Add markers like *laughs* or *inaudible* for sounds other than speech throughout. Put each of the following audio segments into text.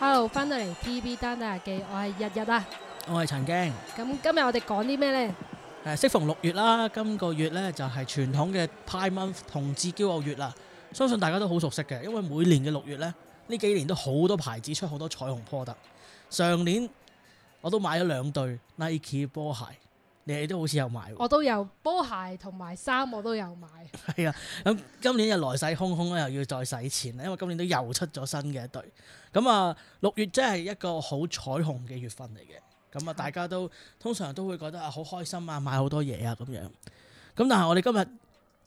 hello，翻到嚟 t b 單打日記，我係日日啊，我係曾敬，咁今日我哋講啲咩呢？誒，適逢六月啦，今個月呢就係傳統嘅 Pride Month 同志驕傲月啦，相信大家都好熟悉嘅，因為每年嘅六月呢，呢幾年都好多牌子出好多彩虹 product。上年我都買咗兩對 Nike 波鞋。你都好似有買，我都有，波鞋同埋衫我都有買。係啊，咁今年又來勢洶洶咧，又要再使錢啦，因為今年都又出咗新嘅一對。咁啊，六月真係一個好彩虹嘅月份嚟嘅。咁啊，大家都的通常都會覺得啊，好開心啊，買好多嘢啊咁樣。咁但係我哋今日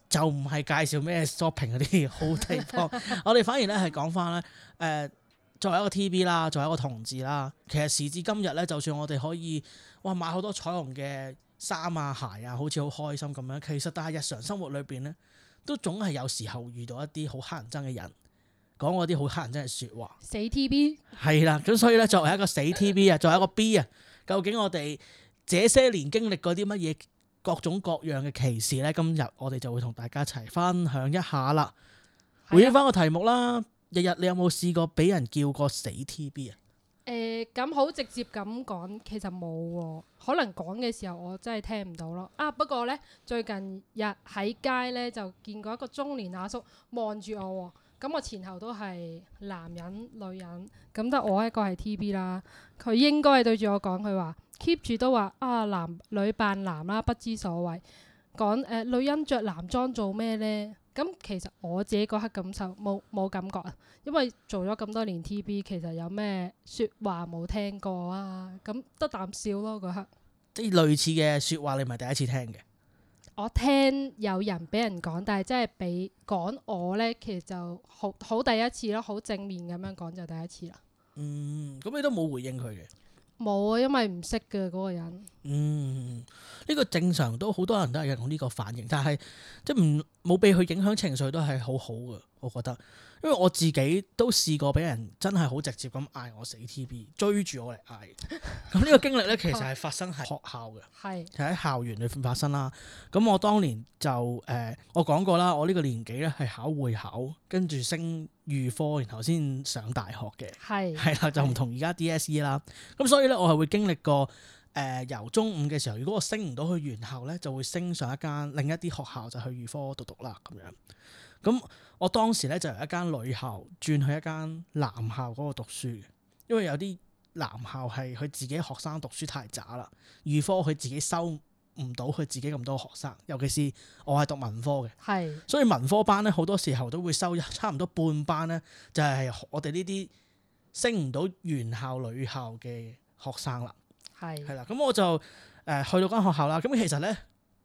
就唔係介紹咩 shopping 嗰啲好地方， *laughs* 我哋反而咧係講翻咧，誒作為一個 TV 啦，作為一個同志啦，其實時至今日咧，就算我哋可以哇買好多彩虹嘅。衫啊、鞋啊，好似好開心咁樣。其實但係日常生活裏邊呢，都總係有時候遇到一啲好乞人憎嘅人，講嗰啲好乞人憎嘅說話。死 TB 係啦，咁所以呢，作為一個死 TB 啊，作為一個 B 啊，究竟我哋這些年經歷過啲乜嘢，各種各樣嘅歧視呢？今日我哋就會同大家一齊分享一下啦。回應翻個題目啦，日日的你有冇試過俾人叫過死 TB 啊？誒咁好直接咁講，其實冇、哦、可能講嘅時候，我真係聽唔到咯。啊不過呢，最近日喺街呢，就見過一個中年阿叔望住我、哦，咁、啊、我前後都係男人、女人，咁得我一個係 TB 啦。佢應該係對住我講，佢話 keep 住都話啊，男女扮男啦，不知所謂。講誒、呃，女人着男裝做咩呢？咁其實我自己嗰刻感受冇冇感覺啊，因為做咗咁多年 TB，其實有咩説話冇聽過啊？咁得啖笑咯嗰刻。即係類似嘅説話你唔係第一次聽嘅。我聽有人俾人講，但係真係俾講我呢，其實就好好第一次咯，好正面咁樣講就第一次啦。嗯，咁你都冇回應佢嘅。冇啊，因為唔識嘅嗰個人。嗯，呢個正常都好多人都係有呢個反應，但係即係唔冇俾佢影響情緒都係好好噶，我覺得。因為我自己都試過俾人真係好直接咁嗌我死 TB，追住我嚟嗌。咁呢 *laughs* 個經歷咧，其實係發生喺學校嘅，係就喺 *laughs* 是校園裏邊發生啦。咁我當年就誒、呃，我講過啦，我呢個年紀咧係考會考，跟住升。預科，然後先上大學嘅，係的的啦，就唔同而家 DSE 啦。咁所以咧，我係會經歷過誒、呃、由中五嘅時候，如果我升唔到去原校咧，就會升上一間另一啲學校就去預科讀讀啦。咁樣，咁我當時咧就由一間女校轉去一間男校嗰度讀書，因為有啲男校係佢自己學生讀書太渣啦，預科佢自己收唔到佢自己咁多學生，尤其是我係讀文科嘅，是所以文科班咧好多時候都會收差唔多半班咧，就係我哋呢啲升唔到原校女校嘅學生啦。係係啦，咁我就誒、呃、去到間學校啦。咁其實咧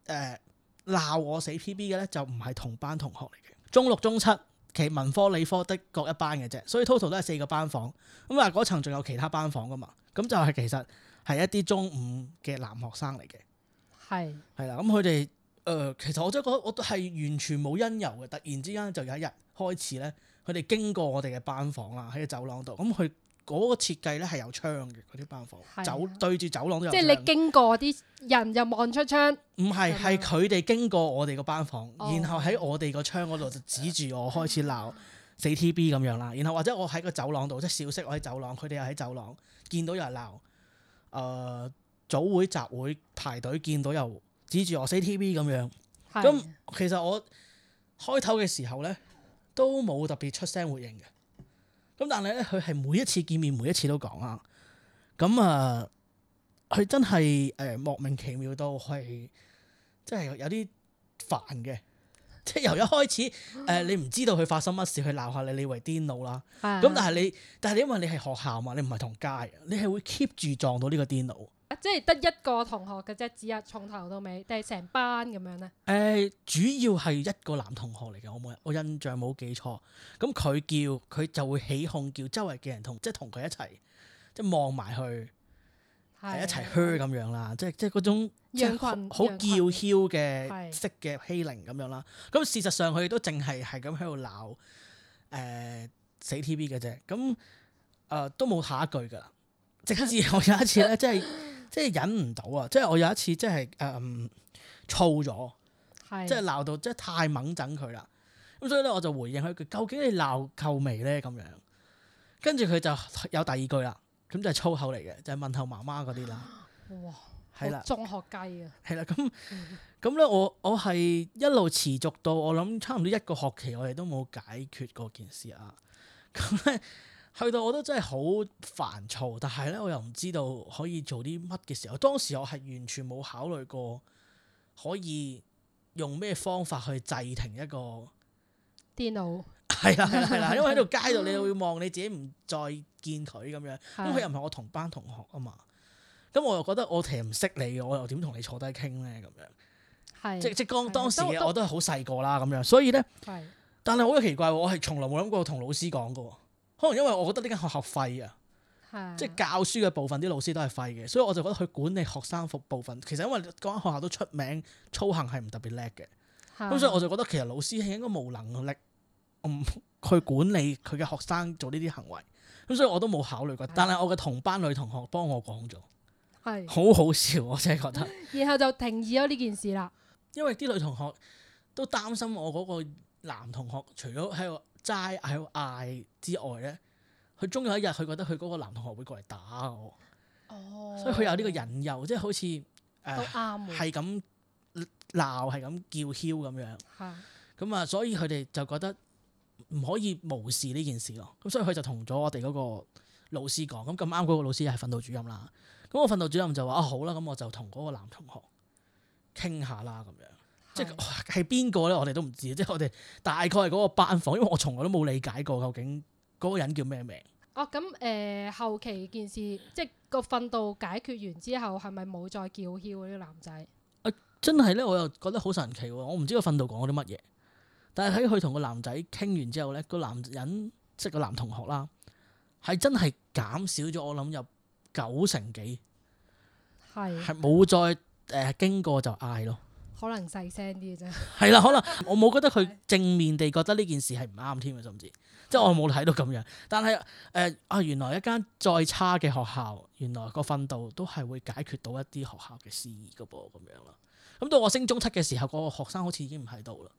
誒鬧我死 PB 嘅咧就唔係同班同學嚟嘅。中六中七其實文科理科的各一班嘅啫，所以 total 都係四個班房咁啊。嗰、那個、層仲有其他班房噶嘛？咁、那個、就係其實係一啲中五嘅男學生嚟嘅。係，係啦，咁佢哋，誒、呃，其實我真係覺得我都係完全冇因由嘅，突然之間就有一日開始咧，佢哋經過我哋嘅班房啦，喺走廊度，咁佢嗰個設計咧係有窗嘅，嗰啲班房的走對住走廊都有。即係你經過啲人又望出窗。唔係是，係佢哋經過我哋個班房，哦、然後喺我哋個窗嗰度就指住我， *laughs* 我開始鬧四 T B 咁樣啦，然後或者我喺個走廊度即係小息，我喺走廊，佢哋又喺走廊，走廊見到又係鬧，誒、呃。早會集會排隊見到又指住我 C T V 咁樣，咁的其實我開頭嘅時候咧都冇特別出聲回應嘅，咁但係咧佢係每一次見面每一次都講啊。咁啊佢真係誒、呃、莫名其妙到係，真係有啲煩嘅，即係由一開始誒、嗯呃、你唔知道佢發生乜事，佢鬧下你你為癲佬啦，咁但係你但係因為你係學校嘛，你唔係同街，你係會 keep 住撞到呢個癲佬。即係得一個同學嘅啫，指啊從頭到尾定係成班咁樣咧？誒，主要係一個男同學嚟嘅，我冇我印象冇記錯。咁佢叫佢就會起哄，叫周圍嘅人同即係同佢一齊，即係望埋去，係的、啊、一齊嘘咁樣啦。即係群即係嗰種即係好叫囂嘅式嘅欺凌咁樣啦。咁事實上佢都淨係係咁喺度鬧，誒、呃、死 TV 嘅啫。咁誒、呃、都冇下一句噶，直至我有一次咧，即係。 *laughs* 即係忍唔到啊！即係我有一次、呃、是的 即係誒躁咗，即係鬧到即係太猛整佢啦。咁所以咧我就回應佢一句：究竟你鬧夠未咧咁樣？跟住佢就有第二句啦，咁就係粗口嚟嘅，就係問候媽媽嗰啲啦。哇！係啦，中學雞啊！係啦的，咁咁咧我我係一路持續到我諗差唔多一個學期，我哋都冇解決嗰件事啊。咁咧。去到我都真係好煩躁，但係咧我又唔知道可以做啲乜嘅時候。當時我係完全冇考慮過可以用咩方法去制停一個電腦腦。係啦係啦係啦，因為喺度街度 *laughs* 你會望你自己唔再見佢咁樣，咁佢是又唔係我同班同學啊嘛。咁我又覺得我其實唔識你，我又點同你坐低傾咧咁樣？係是即即當的當時都我都係好細個啦咁樣，所以咧係，的但係好有奇怪，我係從來冇諗過同老師講過。可能因為我覺得呢間學校廢啊，的即係教書嘅部分啲老師都係廢嘅，所以我就覺得佢管理學生服部分，其實因為嗰間學校都出名操行係唔特別叻嘅，咁的所以我就覺得其實老師係應該冇能力去、嗯、管理佢嘅學生做呢啲行為，咁所以我都冇考慮過。的但係我嘅同班女同學幫我講咗，好的好笑，我真係覺得。 *laughs* 然後就停議咗呢件事啦，因為啲女同學都擔心我嗰個男同學，除咗喺，齋喺嗌之外咧，佢終有一日佢覺得佢嗰個男同學會過嚟打我，oh. 所以佢有呢個隱憂，即係好似誒，係咁鬧，係咁叫囂咁樣，咁啊的、嗯，所以佢哋就覺得唔可以無視呢件事咯。咁所以佢就同咗我哋嗰個老師講，咁咁啱嗰個老師係訓導主任啦。咁我訓導主任就話啊好啦，咁我就同嗰個男同學傾下啦咁樣。即係邊個呢？我哋都唔知，即係我哋大概係嗰個班房，因為我從來都冇理解過究竟嗰個人叫咩名。哦，咁、嗯、誒、呃，後期件事，即係個訓導解決完之後，係咪冇再叫囂呢個男仔、啊？真係呢？我又覺得好神奇。我唔知個訓導講咗啲乜嘢，但係喺佢同個男仔傾完之後呢，個男人即係個男同學啦，係真係減少咗，我諗有九成幾，係係冇再誒、呃、經過就嗌咯。可能細聲啲嘅啫，係啦，可能我冇覺得佢正面地覺得呢件事係唔啱添啊，甚至即係我冇睇到咁樣。但係誒啊，原來一間再差嘅學校，原來個訓導都係會解決到一啲學校嘅事宜嘅噃，咁樣啦。咁到我升中七嘅時候，嗰個學生好似已經唔喺度啦，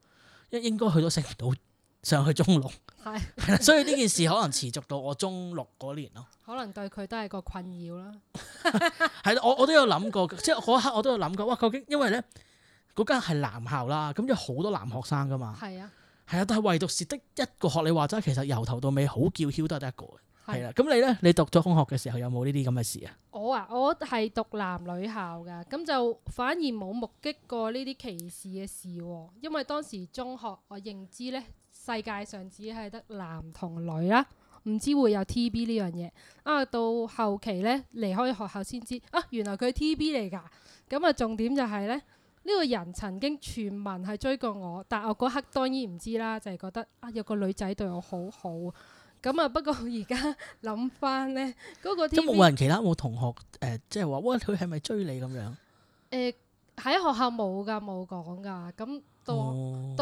因為應該去到升唔到上去中六，係的， *laughs* 所以呢件事可能持續到我中六嗰年咯。可能對佢都係個困擾啦。係啦， *laughs* 我我都有諗過， *laughs* 即係嗰刻我都有諗過，哇！究竟因為呢。嗰間係男校啦，咁有好多男學生噶嘛？係啊，係啊，但係唯獨是得一個學你話齋，其實由頭到尾好叫囂都係得一個嘅，係啦、啊。咁、啊、你咧，你讀咗中學嘅時候有冇呢啲咁嘅事啊？我啊，我係讀男女校噶，咁就反而冇目擊過呢啲歧視嘅事喎、啊。因為當時中學我認知咧，世界上只係得男同女啦，唔知會有 TB 呢樣嘢啊。到後期咧離開學校先知啊，原來佢 TB 嚟㗎。咁啊，重點就係、是、咧。呢個人曾經傳聞係追過我，但我嗰刻當然唔知啦，就係、是、覺得啊有個女仔對我好好，咁啊不過而家諗返呢，嗰、那個天。即冇人其他冇同學誒、呃，即係話喂，佢係咪追你咁樣？誒喺、欸、學校冇㗎冇講㗎，咁到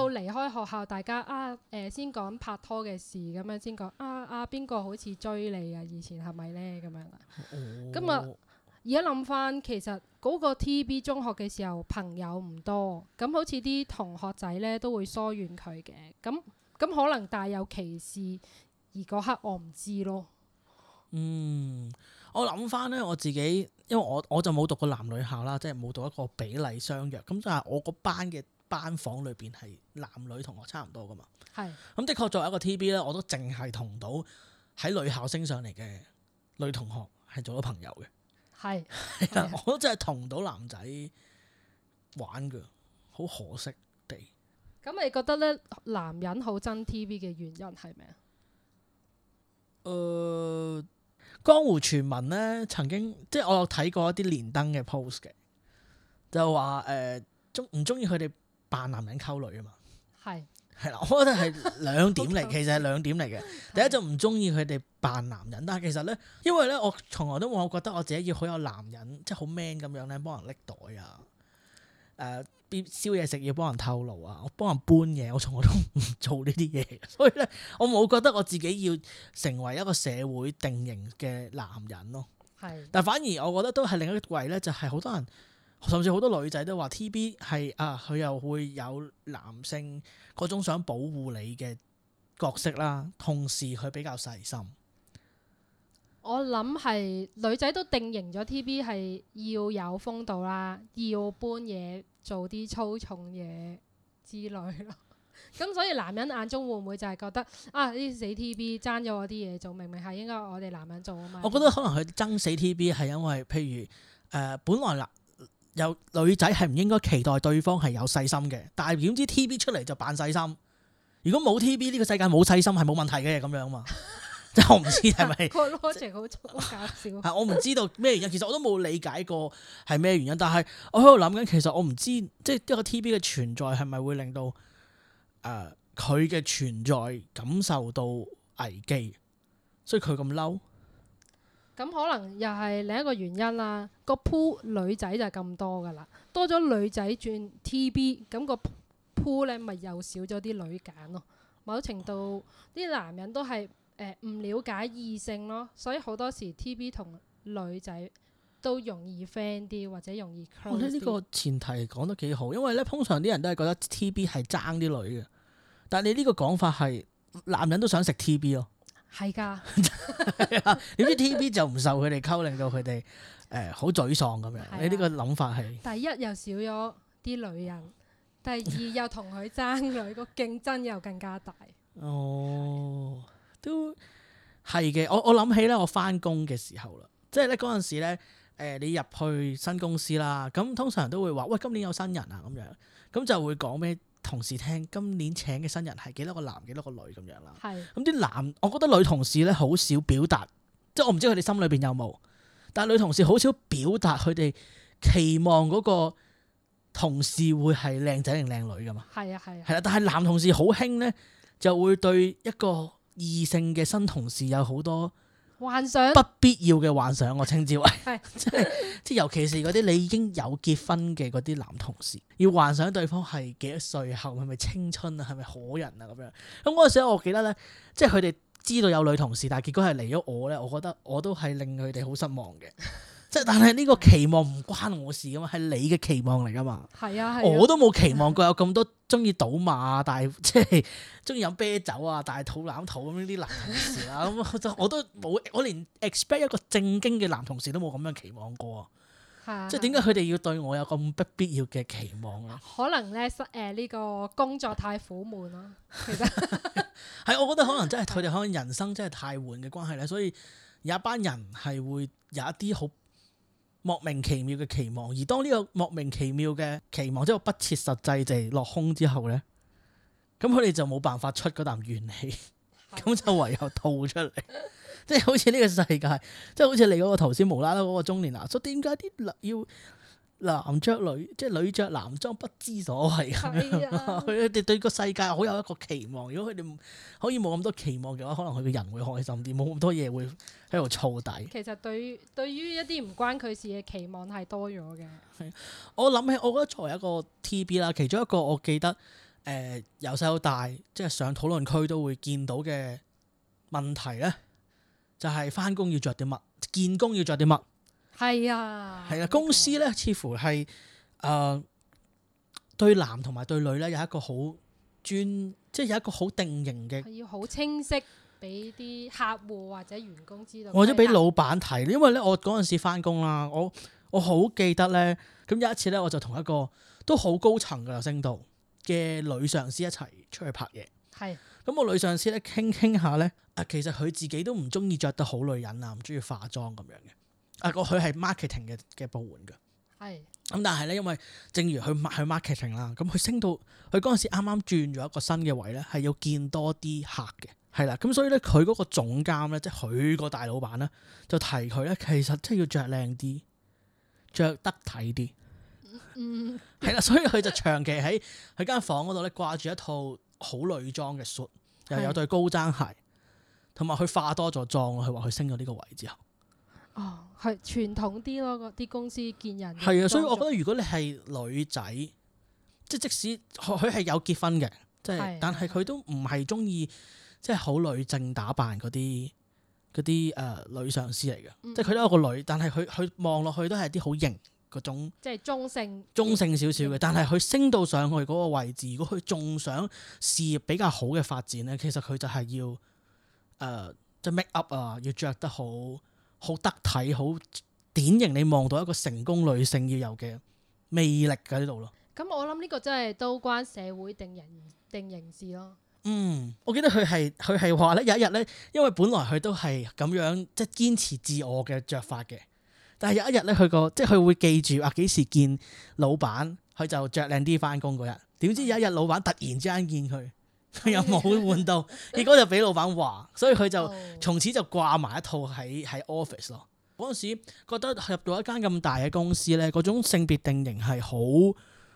到離開學校，大家啊誒、呃、先講拍拖嘅事，咁樣先講啊啊邊個好似追你啊？以前係咪呢？咁樣啦？咁、哦嗯、啊。而家諗翻，其實嗰個 T.B. 中學嘅時候，朋友唔多，咁好似啲同學仔咧都會疏遠佢嘅，咁咁可能大有歧視。而嗰刻我唔知咯。嗯，我諗翻咧，我自己，因為我我就冇讀過男女校啦，即係冇讀一個比例相若，咁就係我嗰班嘅班房裏邊係男女同學差唔多㗎嘛。係。咁的確作為一個 T.B. 咧，我都淨係同到喺女校升上嚟嘅女同學係做咗朋友嘅。係， *laughs* 我都真係同到男仔玩㗎，好可惜地。咁你覺得咧，男人好憎 TV 嘅原因係咩啊？誒、呃，江湖傳聞咧，曾經即係我有睇過一啲連登嘅 post 嘅，就話誒，中唔中意佢哋扮男人溝女啊嘛？係。係啦，我覺得係兩點嚟，其實係兩點嚟嘅。 *laughs* 第一就唔中意佢哋扮男人，但係其實咧，因為咧，我從來都冇覺得我自己要好有男人，即係好 man 咁樣咧，幫人拎袋啊，誒啲燒嘢食要幫人透露啊，我幫人搬嘢，我從來都唔做呢啲嘢，所以咧，我冇覺得我自己要成為一個社會定型嘅男人咯。 *laughs* 但反而我覺得都係另一個位咧，就係好多人。甚至好多女仔都話 T B 係啊，佢又會有男性嗰種想保護你嘅角色啦，同時佢比較細心。我諗係女仔都定型咗 T B 係要有風度啦，要搬嘢做啲粗重嘢之類咯。咁 *laughs* 所以男人眼中會唔會就係覺得啊，呢死 T B 爭咗我啲嘢做，明明係應該我哋男人做啊嘛？我覺得可能佢爭死 T B 係因為譬如誒、呃、本來男有女仔係唔應該期待對方係有細心嘅，但係點知 TV 出嚟就扮細心。如果冇 TV 呢個世界冇細心係冇問題嘅咁樣嘛？即係 *laughs* *laughs* 我唔知係咪個邏輯好搞笑。我唔知道咩 *laughs* *laughs* *laughs* 原因，其實我都冇理解過係咩原因。但係我喺度諗緊，其實我唔知即係一個 TV 嘅存在係咪會令到誒佢嘅存在感受到危機，所以佢咁嬲。咁可能又係另一個原因啦。個鋪女仔就咁多噶啦，多咗女仔轉 TB，咁個鋪咧咪又少咗啲女揀咯。某程度啲男人都係誒唔了解異性咯，所以好多時 TB 同女仔都容易 friend 啲或者容易 close 啲。我覺得呢個前提講得幾好，因為咧通常啲人都係覺得 TB 係爭啲女嘅，但係你呢個講法係男人都想食 TB 咯，哦。係噶，點是 *laughs* 知道 TV *laughs* 就唔受佢哋溝，令到佢哋誒好沮喪咁樣。你呢的個諗法係？第一又少咗啲女人，第二 *laughs* 又同佢爭女，個競爭又更加大。哦，的都係嘅。我我諗起咧，我翻工嘅時候啦，即係咧嗰陣時咧，誒你入去新公司啦，咁通常都會話：喂，今年有新人啊咁樣，咁就會講咩？同事聽今年請嘅新人係幾多個男幾多個女咁樣啦？係咁啲男，我覺得女同事咧好少表達，即係我唔知佢哋心裏邊有冇，但係女同事好少表達佢哋期望嗰個同事會係靚仔定靚女㗎嘛？係啊係啊，係啦，但係男同事好興咧，就會對一個異性嘅新同事有好多。幻想不必要嘅幻想，我稱之為即係即係，尤其是嗰啲你已經有結婚嘅嗰啲男同事，要幻想對方係幾多歲後，係咪青春啊，係咪可人啊咁樣。咁嗰陣時我記得呢，即係佢哋知道有女同事，但係結果係嚟咗我呢。我覺得我都係令佢哋好失望嘅。但係呢個期望唔關我事噶嘛，係你嘅期望嚟噶嘛。係啊，啊我都冇期望過有咁多中意賭馬，但係即係中意飲啤酒啊，但係肚腩肚咁啲男同事啦，咁 *laughs* 我都冇，我連 expect 一個正經嘅男同事都冇咁樣期望過。係啊，即係點解佢哋要對我有咁不必要嘅期望咧？可能咧，誒、呃、呢、呢個工作太苦悶咯。其實係， *laughs* *laughs* *laughs* 我覺得可能真係佢哋可能人生真係太悶嘅關係咧，所以有一班人係會有一啲好。莫名其妙嘅期望，而當呢個莫名其妙嘅期望即係不切實際地落空之後呢，咁佢哋就冇辦法出嗰啖怨氣，咁 *laughs* 就唯有吐出嚟，即係好似呢個世界，即係好似你嗰個頭先無啦啦嗰個中年男，就點解啲要？男着女，即係女着男裝，不知所謂啊！佢哋 *laughs* 對個世界好有一個期望。如果佢哋可以冇咁多期望嘅話，可能佢個人會開心啲，冇咁多嘢會喺度燥底。其實對於對於一啲唔關佢事嘅期望係多咗嘅。我諗起，我覺得作為一個 T B 啦，其中一個我記得，誒、呃，由細到大，即係上討論區都會見到嘅問題咧，就係翻工要着啲乜，見工要着啲乜。係啊，係啊！公司咧，似乎係誒、呃、對男同埋對女咧有一個好專，即係有一個好定型嘅。要好清晰俾啲客戶或者員工知道，或者俾老闆睇。因為咧，我嗰陣時返工啦，我我好記得咧，咁有一次咧，我就同一個都好高層嘅升到嘅女上司一齊出去拍嘢。係咁是，個女上司咧傾傾下咧，啊，其實佢自己都唔中意着得好女人啊，唔中意化妝咁樣嘅。啊！個佢係 marketing 嘅嘅部門噶，係咁的但係咧，因為正如佢佢 marketing 啦，咁佢升到佢嗰陣時啱啱轉咗一個新嘅位咧，係要見多啲客嘅，係啦，咁所以咧，佢嗰個總監咧，即係佢個大老闆啦，就提佢咧，其實即係要着靚啲，着得體啲，係啦、嗯，所以佢就長期喺喺間房嗰度咧掛住一套好女裝嘅 suit，又有對高踭鞋，同埋佢化多咗妝。佢話佢升咗呢個位之後。哦，係傳統啲咯，嗰啲公司見人係啊，所以我覺得如果你係女仔，即係即使佢係有結婚嘅，即係是的 但係佢都唔係鍾意即係好女正打扮嗰啲嗰啲誒女上司嚟嘅，嗯、即係佢都有個女，但係佢佢望落去都係啲好型嗰種，即係中性中性少少嘅。嗯、但係佢升到上去嗰個位置，如果佢仲想事業比較好嘅發展咧，其實佢就係要誒即係 make up 啊，要着得好。好得體，好典型，你望到一個成功女性要有嘅魅力喺度咯。咁我諗呢個真係都關社會定人定人事咯。嗯，我記得佢係佢係話咧，有一日咧，因為本來佢都係咁樣即係堅持自我嘅着法嘅，但係有一日咧，佢個即係佢會記住話幾時見老闆，佢就着靚啲返工嗰日。點知有一日老闆突然之間見佢。佢又冇換到，結果就俾老闆話，所以佢就從此就掛埋一套喺喺 office 咯。嗰陣 *music* 時覺得入到一間咁大嘅公司咧，嗰種性別定型係好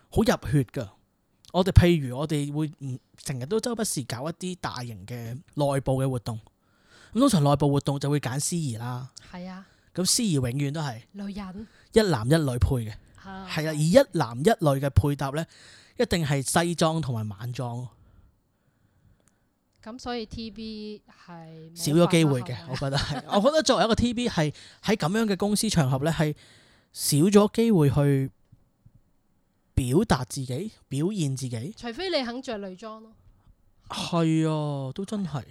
好入血噶。我哋譬如我哋會唔成日都周不時搞一啲大型嘅內部嘅活動，咁通常內部活動就會揀司儀啦。係啊，咁司儀永遠都係女人，一男一女配嘅，係、嗯、啊，而一男一女嘅配搭咧，一定係西裝同埋晚裝。咁所以 T.B. 係少咗機會嘅，嗎我覺得係。 *laughs* 我覺得作為一個 T.B. 係喺咁樣嘅公司場合咧，係少咗機會去表達自己、表現自己。除非你肯着女裝咯。係啊，都真係。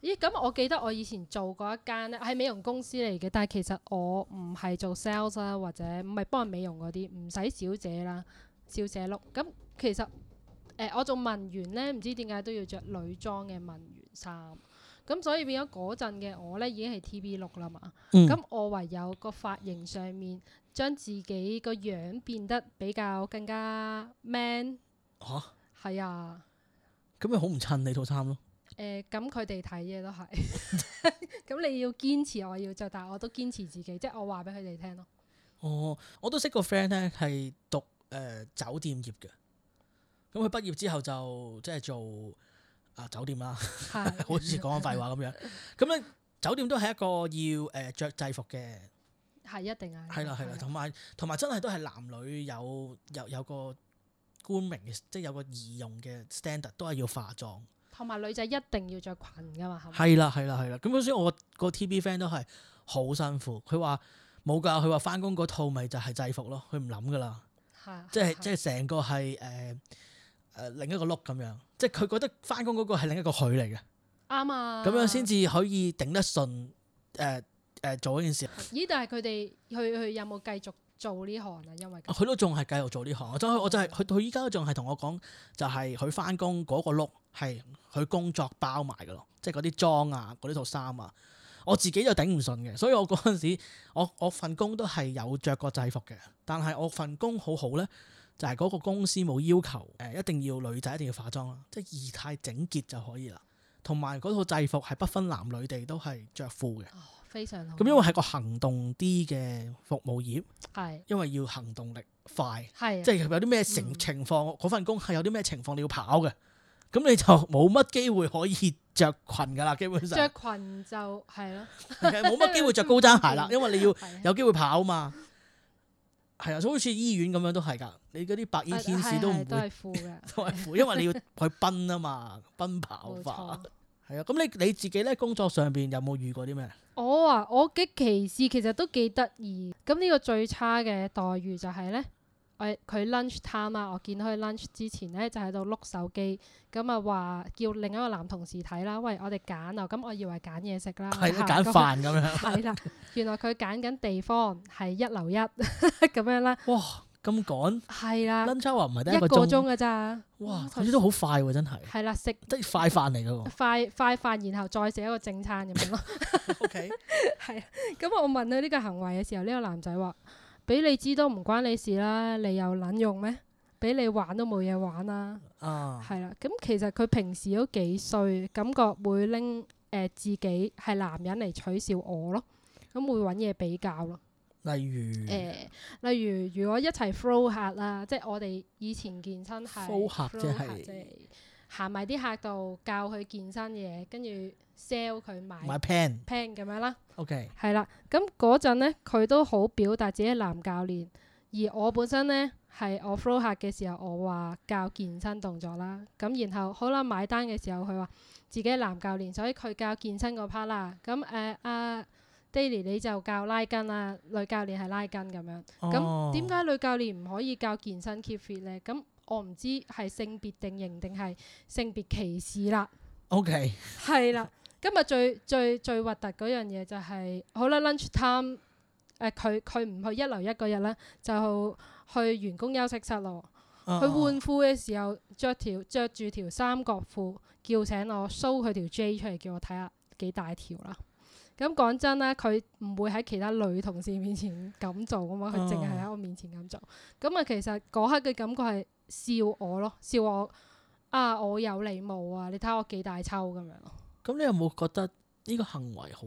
咦、啊？咁我記得我以前做過一間咧，係美容公司嚟嘅，但係其實我唔係做 sales 啦，或者唔係幫人美容嗰啲，唔使小姐啦、小姐碌。咁其實。誒、呃、我做文員咧，唔知點解都要着女裝嘅文員衫，咁所以變咗嗰陣嘅我咧已經係 T B 六啦嘛，咁、嗯、我唯有個髮型上面將自己個樣變得比較更加 man 吓？係啊，咁咪好唔襯你套衫咯？誒、呃，咁佢哋睇嘅都係，咁 *laughs* *laughs* 你要堅持我要著，但係我都堅持自己，即、就、係、是、我話俾佢哋聽咯。哦，我都識個 friend 咧，係讀誒酒店業嘅。咁佢畢業之後就即係做啊酒店啦， *laughs* *laughs* 好似講緊廢話咁樣。咁咧 *laughs* 酒店都係一個要誒著、呃、制服嘅，係一定係。係啦係啦，同埋同埋真係都係男女有有有，有個官名嘅，即係有個儀容嘅 standard 都係要化妝。同埋女仔一定要着裙噶嘛，係咪？係啦係啦係啦。咁所以我個 TV fan 都係好辛苦。佢話冇噶，佢話翻工嗰套咪就係制服咯。佢唔諗噶啦，即係即係成個係誒。 *noise* *noise* 誒、呃、另一個轆咁樣，即係佢覺得翻工嗰個係另一個佢嚟嘅，啱啊！咁樣先至可以頂得順誒誒、呃呃、做嗰件事。咦？但係佢哋去去有冇繼續做呢行啊？因為佢都仲係繼續做呢行，我真係佢佢依家仲係同我講，就係佢翻工嗰個轆係佢工作包埋嘅咯，即係嗰啲裝啊，嗰啲套衫啊。我自己就頂唔順嘅，所以我嗰陣時我我份工都係有着個制服嘅，但係我份工好好咧。就係嗰個公司冇要求，誒、呃、一定要女仔一定要化妝啦，即係儀態整潔就可以啦。同埋嗰套制服係不分男女地都係着褲嘅，哦，非常好。咁因為係個行動啲嘅服務業，係是因為要行動力快，係的即係有啲咩情情況，嗰份工係有啲咩情況你要跑嘅，咁你就冇乜機會可以着裙噶啦，基本上着裙就係咯，冇乜機會着高踭鞋啦， *laughs* 因為你要有機會跑嘛。係啊，就好似醫院咁樣都係噶，你嗰啲白衣天使都唔會都係負嘅，都係負， *laughs* 因為你要去奔啊嘛， *laughs* 奔跑法。係啊錯。咁你你自己咧工作上邊有冇遇過啲咩、哦？我啊，我嘅歧視其實都幾得意。咁呢個最差嘅待遇就係咧。佢 lunch time 啊，我見到佢 lunch 之前咧就喺度碌手機，咁啊話叫另一個男同事睇啦，喂，我哋揀啊，咁我以為揀嘢食啦，係啊，揀飯咁樣。係啦， *laughs* 原來佢揀緊地方係一樓一咁 *laughs* 樣啦。哇，咁趕？係啦了。lunch time 話唔係得一個鐘㗎咋？哇，咁都好快喎，真係。係啦，食。即係快飯嚟㗎喎。快快飯，然後再食一個正餐咁樣咯。 *laughs* OK。 *laughs* 係啊，咁我問佢呢個行為嘅時候，呢個男仔話。俾你知都唔關你事啦，你又撚用咩？俾你玩都冇嘢玩啦、啊，係啦、啊。咁其實佢平時都幾衰，感覺會拎誒自己係男人嚟取笑我咯，咁會揾嘢比較咯。例如誒、欸，例如如果一齊 flow 客啦，即係我哋以前健身係 flow 客即係行埋啲客度教佢健身嘢，跟住。sell 佢買 My pen 咁樣啦，OK，係啦。咁嗰陣呢，佢都好表達自己係男教練，而我本身呢，係我 flow 客嘅時候，我話教健身動作啦。咁然後好啦，買單嘅時候佢話自己係男教練，所以佢教健身嗰 part 啦。咁誒阿 Danny 你就教拉筋啦，女教練係拉筋咁樣。咁點解女教練唔可以教健身 keep fit 呢？咁我唔知係性別定型定係性別歧視啦。OK，係啦了。 *laughs* 今日最最最核突嗰樣嘢就係、是，好啦，lunch time，佢佢唔去一樓一嗰日呢，就去員工休息室咯。佢、哦哦、換褲嘅時候，着條著住條三角褲，叫醒我 show 佢條 J 出嚟，叫我睇下幾大條啦。咁、嗯、講真呢，佢唔會喺其他女同事面前咁做噶嘛，佢淨係喺我面前咁做。咁啊，其實嗰刻嘅感覺係笑我咯，笑我啊，我有你冇啊，你睇我幾大抽咁樣咯。咁、嗯、你有冇覺得呢個行為好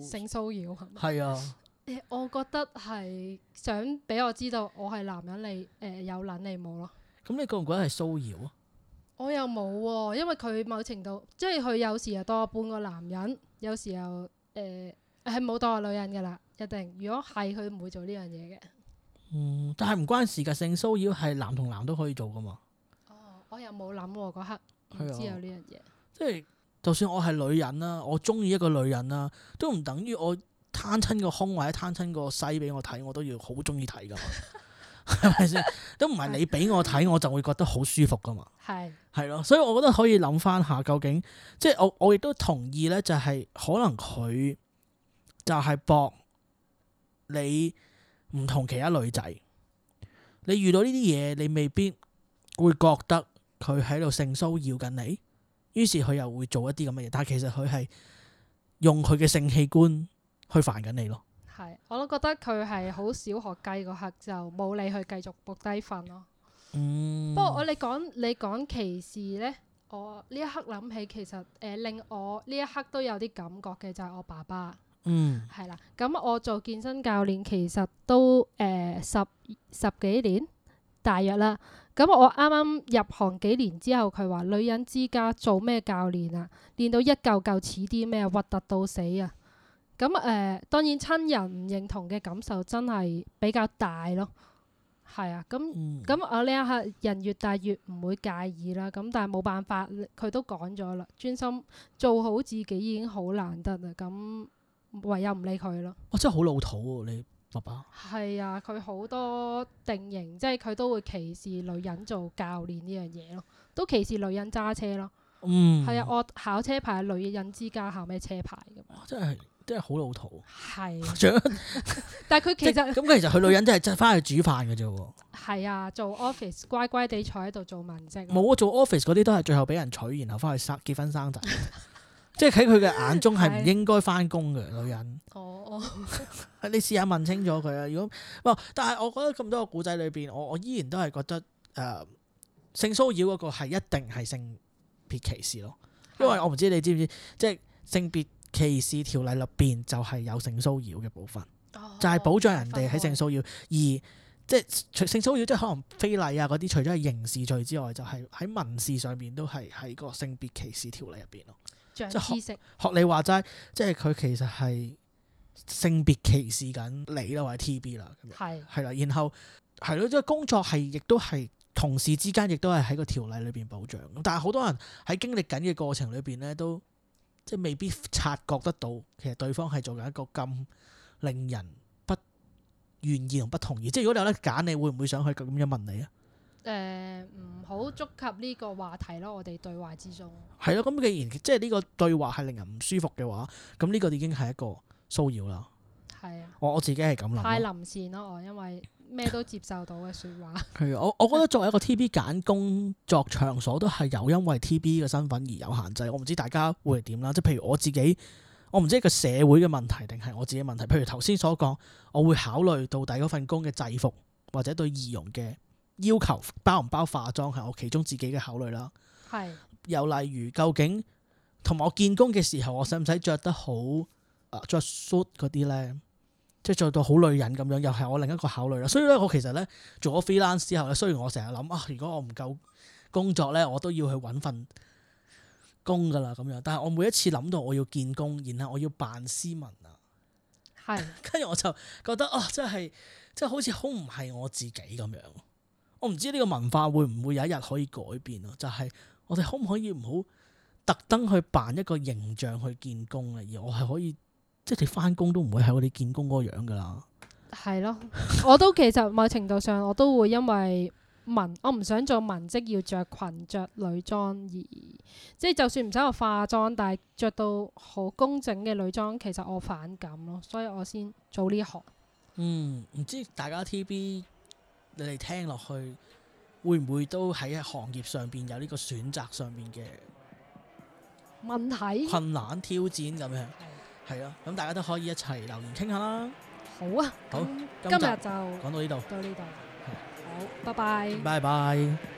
性騷擾係咪？係啊、欸，我覺得係想俾我知道，我係男人你誒，有撚你冇咯？咁你覺唔覺得係騷擾啊？我又冇喎，因為佢某程度即係佢有時又當我半個男人，呃、有時候誒係冇當我女人㗎啦，一定。如果係佢唔會做呢樣嘢嘅。嗯，但係唔關事㗎，性騷擾係男同男都可以做㗎嘛。哦，我又冇諗喎，嗰刻唔知有呢樣嘢，即係。就算我係女人啦，我中意一個女人啦，都唔等於我攤親個胸或者攤親個西俾我睇，我都要好中意睇噶嘛，係咪先？都唔係你俾我睇，我就會覺得好舒服噶嘛。係係咯，所以我覺得可以諗翻下，究竟即係我我亦都同意咧，就是，就係可能佢就係博你唔同其他女仔，你遇到呢啲嘢，你未必會覺得佢喺度性騷擾緊你。於是佢又會做一啲咁嘅嘢，但係其實佢係用佢嘅性器官去煩緊你咯。係，我都覺得佢係好小學雞，嗰刻就冇理佢繼續伏低瞓咯。嗯。不過我你講你講歧視呢？我呢一刻諗起其實誒、呃、令我呢一刻都有啲感覺嘅就係、是、我爸爸。嗯。係啦，咁我做健身教練其實都誒、呃、十十幾年大約啦。咁我啱啱入行幾年之後，佢話女人之家做咩教練啊？練到一嚿嚿似啲咩，核突到死啊！咁誒、呃，當然親人唔認同嘅感受真係比較大咯。係啊，咁咁、嗯、我呢一刻人越大越唔會介意啦。咁但係冇辦法，佢都講咗啦，專心做好自己已經好難得啦。咁唯有唔理佢咯。我、哦、真係好老土喎、哦、你。爸爸？係啊，佢好多定型，即係佢都會歧視女人做教練呢樣嘢咯，都歧視女人揸車咯。嗯，係啊，我考車牌，女人之家考咩車牌噶嘛，哦？真係真係好老土。係，但係佢其實咁， *laughs* 其實佢女人真係真係翻去煮飯嘅啫。係 *laughs* 啊，做 office 乖乖地坐喺度做文職。冇啊，做 office 嗰啲都係最後俾人娶，然後翻去生結婚生仔。 *laughs* 即係喺佢嘅眼中係唔應該返工嘅女人。哦哦、 *laughs* 你試下問清楚佢啊。如果唔係，但係我覺得咁多個古仔裏邊，我我依然都係覺得誒、呃、性騷擾嗰個係一定係性別歧視咯。因為我唔知你知唔知，的即係性別歧視條例入邊就係有性騷擾嘅部分，哦、就係保障人哋喺性騷擾、哦、而即係性騷擾即係可能非禮啊嗰啲，除咗係刑事罪之外，就係、是、喺民事上邊都係喺個性別歧視條例入邊咯。即係學，學你話齋，即係佢其實係性別歧視緊你啦，或者 TB 啦，係係啦，然後，係咯，即係工作係亦都係同事之間亦都係喺個條例裏邊保障。咁但係好多人喺經歷緊嘅過程裏邊咧，都即係未必察覺得到，其實對方係做緊一個咁令人不願意同不同意。即係如果你有得揀，你會唔會想去咁樣問你啊？誒唔好觸及呢個話題咯。我哋對話之中係咯，咁、啊、既然即係呢個對話係令人唔舒服嘅話，咁呢個已經係一個騷擾啦。係啊，我我自己係咁諗。太臨時咯，我因為咩都接受到嘅説話係我、 *laughs* 啊、我覺得作為一個 T. B. 揀工作場所都係有，因為 T. B. 嘅身份而有限制。我唔知大家會係點啦，即係譬如我自己，我唔知一個社會嘅問題定係我自己問題。譬如頭先所講，我會考慮到底嗰份工嘅制服或者對儀容嘅要求包唔包化妝係我其中自己嘅考慮啦。係是的 又例如究竟同埋我見工嘅時候，我使唔使着得好啊著 suit 嗰啲咧？即係著到好女人咁樣，又係我另一個考慮啦。所以咧，我其實咧做咗 freelance 之後咧，雖然我成日諗啊，如果我唔夠工作咧，我都要去搵份工噶啦咁樣。但係我每一次諗到我要見工，然後我要扮斯文啊，係跟住我就覺得哦，真係真係好似好唔係我自己咁樣。我唔知呢個文化會唔會有一日可以改變咯，就係、是、我哋可唔可以唔好特登去扮一個形象去見工嘅，而我係可以即係你翻工都唔會喺我哋見工嗰個樣噶啦。係咯，我都其實某程度上我都會因為文，我唔想做文職要着裙着女裝，而即係就算唔使我化妝，但係着到好工整嘅女裝，其實我反感咯，所以我先做呢行。嗯，唔知大家 T B。你哋聽落去，會唔會都喺行業上邊有呢個選擇上面嘅問題、困難、挑戰咁樣？係啊，咁大家都可以一齊留言傾下啦。好啊，好，今，今，今集今日就講到呢度，到呢度，好，好，拜拜，拜拜。